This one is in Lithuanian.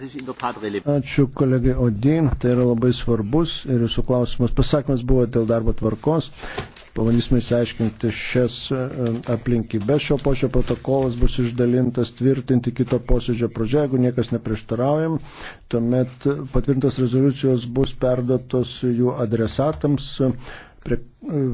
Ačiū kolegai Odin, tai yra labai svarbus ir jūsų klausimas pasakymas buvo dėl darbo tvarkos. Pabandysime įsiaiškinti šias e, aplinkybės. Šio pošio protokolas bus išdalintas tvirtinti kito posėdžio pradžioje, jeigu niekas neprieštaraujam. Tuomet patvirtintos rezoliucijos bus perdotos jų adresatams. Prie, e,